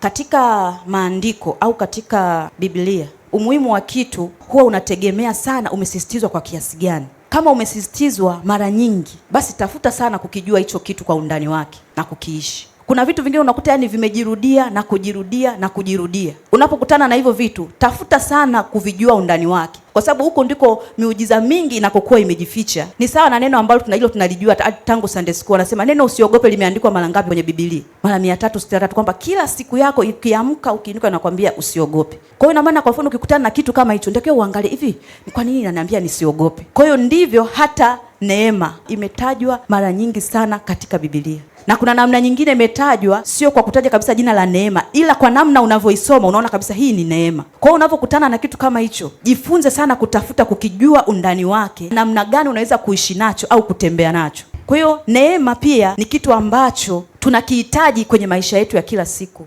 Katika maandiko au katika Biblia, umuhimu wa kitu huwa unategemea sana umesisitizwa kwa kiasi gani. Kama umesisitizwa mara nyingi, basi tafuta sana kukijua hicho kitu kwa undani wake na kukiishi. Kuna vitu vingine unakuta yani vimejirudia na kujirudia na kujirudia. Unapokutana na hivyo vitu, tafuta sana kuvijua undani wake kwa sababu huko ndiko miujiza mingi inakokuwa imejificha. Ni sawa na neno ambalo tunajua tunalijua tangu Sunday school, anasema neno usiogope limeandikwa mara ngapi kwenye Biblia? Mara 363 kwamba kila siku yako ukiamka, ukiinuka nakwambia usiogope. Kwa hiyo ina maana, kwa mfano ukikutana na kitu kama hicho, ndio uangalie hivi, kwa nini ananiambia nisiogope? Kwa hiyo ndivyo hata Neema imetajwa mara nyingi sana katika Biblia na kuna namna nyingine imetajwa, sio kwa kutaja kabisa jina la neema, ila kwa namna unavyoisoma unaona kabisa hii ni neema. Kwa hiyo unapokutana na kitu kama hicho, jifunze sana kutafuta, kukijua undani wake, namna gani unaweza kuishi nacho au kutembea nacho. Kwa hiyo neema pia ni kitu ambacho tunakihitaji kwenye maisha yetu ya kila siku.